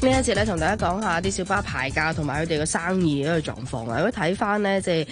次呢一節咧，同大家講下啲小巴牌價同埋佢哋個生意嗰個狀況啊。如果睇翻呢，即係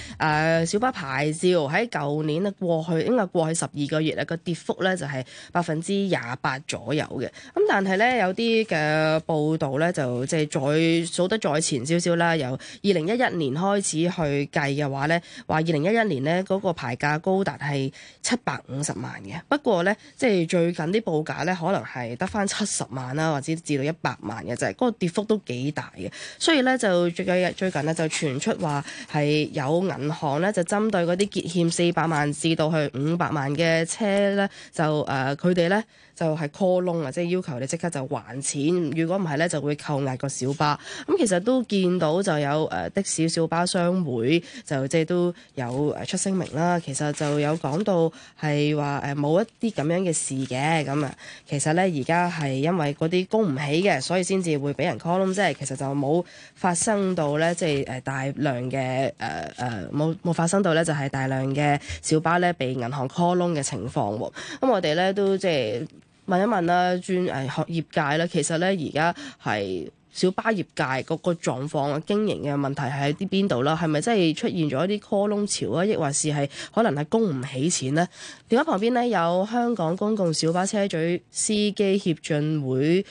誒，小巴牌照，喺舊年咧過去，應該過去十二個月咧個跌幅咧就係百分之廿八左右嘅。咁、嗯、但係呢，有啲嘅報道呢，就即係、就是、再數得再前少少啦，由二零一一年開始去計嘅話呢，話二零一一年呢，嗰、那個牌價高達係七百五十萬嘅。不過呢，即、就、係、是、最近啲報價呢，可能係得翻七十萬啦，或者至到一百萬嘅啫。嗰個跌幅都幾大嘅，所以咧就最近最近咧就傳出話係有銀行咧就針對嗰啲結欠四百萬至到去五百萬嘅車咧就誒佢哋咧。呃就係 Call Loan 啊！即係要求你即刻就還錢。如果唔係咧，就會扣押個小巴。咁、嗯、其實都見到就有誒的、呃、士小巴商會就即係都有誒出聲明啦。其實就有講到係話誒冇一啲咁樣嘅事嘅咁啊。其實咧而家係因為嗰啲供唔起嘅，所以先至會俾人 Call Loan。即係其實就冇發生到咧，即係誒大量嘅誒誒冇冇發生到咧，就係大量嘅小巴咧被銀行 Call Loan 嘅情況喎。咁、嗯、我哋咧都即係。問一問啦，轉誒學、哎、業界啦，其實咧而家係小巴業界個個狀況啊，經營嘅問題係喺啲邊度啦？係咪真係出現咗一啲 call loan 潮啊？亦或是係可能係供唔起錢呢？電話旁邊呢，有香港公共小巴車主司機協進總會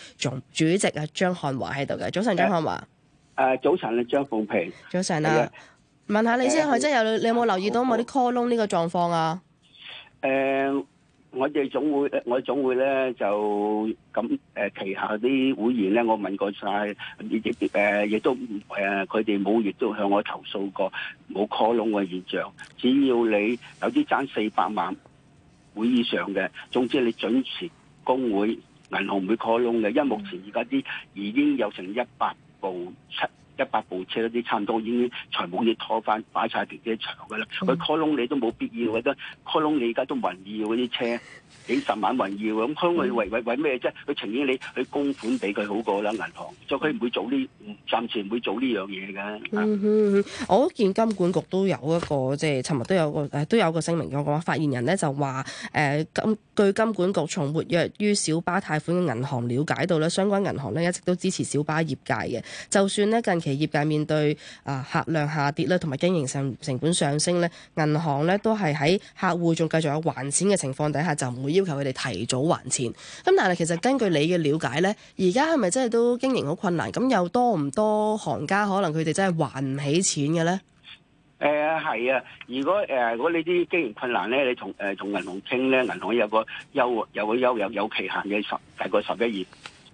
主席啊張漢華喺度嘅。早晨，uh, 張漢華。誒，uh, uh, 早晨啊，張鳳平。早晨啊，uh, 問下你先，我真係有你，你有冇留意到冇啲 call loan 呢個狀況啊？誒。我哋總會，我哋總會咧就咁誒旗下啲會員咧，我問過晒，亦誒亦都誒佢哋每月都向我投訴過，冇 call loan 嘅現象。只要你有啲爭四百萬會以上嘅，總之你準時公會銀行唔會 call loan 嘅。因為目前而家啲已經有成一百部出。一百部車嗰啲差唔多已經全部已經拖翻擺曬地底場嘅啦，佢、嗯、call 窿你都冇必要，覺得 call 窿你而家都冇人要嗰啲車幾十萬冇人要，咁 call 為為為咩啫？佢情願你去供款俾佢好過啦，銀行，就佢唔會做呢，暫時唔會做呢樣嘢嘅。我見金管局都有一個，即係尋日都有個，都有個聲明講話，發言人咧就話誒，金、呃、據金管局從活躍於小巴貸款嘅銀行了解到咧，相關銀行咧一直都支持小巴業界嘅，就算呢近。企業界面對啊客量下跌咧，同埋經營上成本上升咧，銀行咧都係喺客戶仲繼續有還錢嘅情況底下，就唔會要求佢哋提早還錢。咁但係其實根據你嘅了解咧，而家係咪真係都經營好困難？咁有多唔多行家可能佢哋真係還唔起錢嘅咧？誒係、呃、啊！如果誒、呃、如果你啲經營困難咧，你同誒同銀行傾咧，銀行有個優有個優有有期限嘅十大概十一月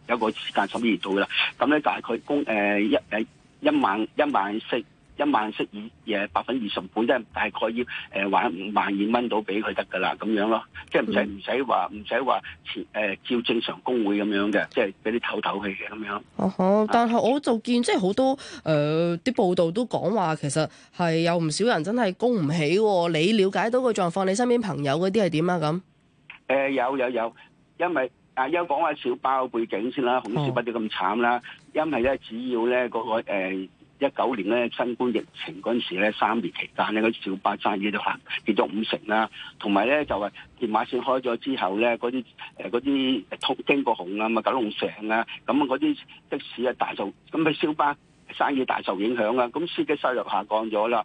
有個時間十二月到啦。咁咧大概供誒、呃、一誒。一一一萬一萬息一萬息以，嘢百分二十本即係大概要誒還五萬二蚊到俾佢得㗎喇，咁樣咯，即係唔使唔使話唔使話前照正常公會咁樣嘅，即係俾你透透氣嘅咁樣。哦、嗯、但係我就見即係好多誒啲、呃、報道都講話，其實係有唔少人真係供唔起喎、哦。你了解到個狀況，你身邊朋友嗰啲係點啊咁？誒、呃、有有有，因為。啊！一講下小巴背景先啦，紅小巴都咁慘啦，因為咧，只要咧嗰個一九年咧新冠疫情嗰陣時咧，三年期間咧，嗰啲小巴生意都下跌咗五成啦。同埋咧就係屯馬綫開咗之後咧，嗰啲誒嗰啲通經過紅啊、嘛九龍城啊，咁嗰啲的士啊大受，咁啊小巴生意大受影響啦，咁司機收入下降咗啦。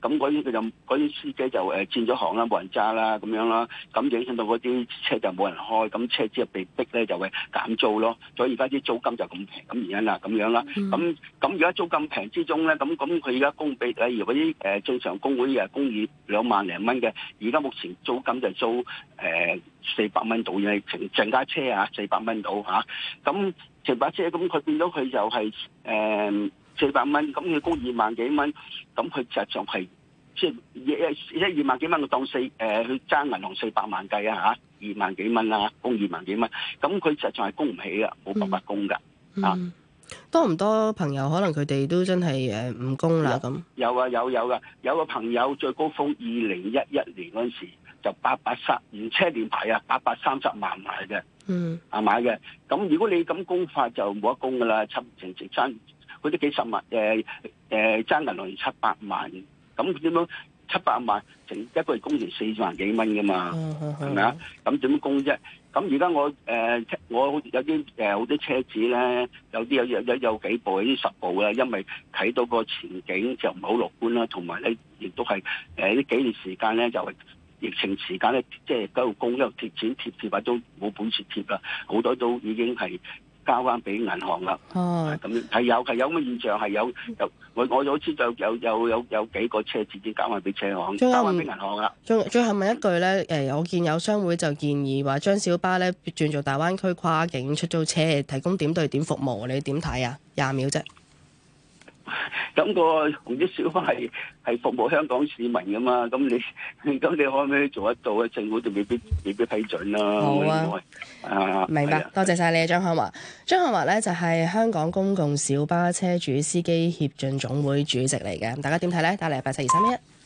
咁嗰啲佢就啲司機就誒轉咗行啦，冇人揸啦咁樣啦，咁影響到嗰啲車就冇人開，咁車之後被逼咧就會減租咯，所以而家啲租金就咁平咁原因啦咁樣啦，咁咁而家租金平之中咧，咁咁佢而家供俾例如嗰啲誒正常工會嘅供二兩萬零蚊嘅，而家目前租金就租誒、呃啊、四百蚊到嘅成成架車啊四百蚊到嚇，咁成架車咁佢變到佢就係誒。四百蚊咁佢供二萬幾蚊，咁佢實上係即係一一二萬幾蚊，當四誒去爭銀行四百萬計啊！嚇，二萬幾蚊啦，供二萬幾蚊，咁佢實在係供唔起啊，冇辦法供噶、嗯嗯、啊！多唔多朋友可能佢哋都真係誒唔供啦咁？有啊有有、啊、噶，有個朋友最高峰二零一一年嗰陣時就八百三，連車連牌啊，八百三十萬買嘅，嗯啊買嘅，咁如果你咁供法就冇得供噶啦，七成十三。佢都幾十萬誒誒，爭銀兩七百萬，咁點樣？七百萬成一個月供成四萬幾蚊嘅嘛，係咪啊？咁點供啫？咁而家我誒、呃，我有啲誒，好、呃、啲車子咧，有啲有有有有幾部已經十部啦，因為睇到個前景就唔係好樂觀啦，同埋咧亦都係誒呢幾年時間咧，就係、是、疫情時間咧，即係一路供一度貼錢貼，貼，而家都冇本事貼啦，好多都已經係。交翻俾銀行啦，咁係、啊、有係有乜現象？係有有我我有次就有有有有幾個車自己交翻俾車行，有交翻俾銀行啦。最最後問一句咧，誒我見有商會就建議話將小巴咧轉做大灣區跨境出租車，提供點對點服務，你點睇啊？廿秒啫。咁個紅色小巴係係服務香港市民噶嘛，咁你咁你可唔可以做得到啊？政府就未必未必批准啦。好啊，明白。多謝晒你啊，張漢華。張漢華呢就係香港公共小巴車主司機協進總會主席嚟嘅。咁大家點睇呢？打嚟八七二三一。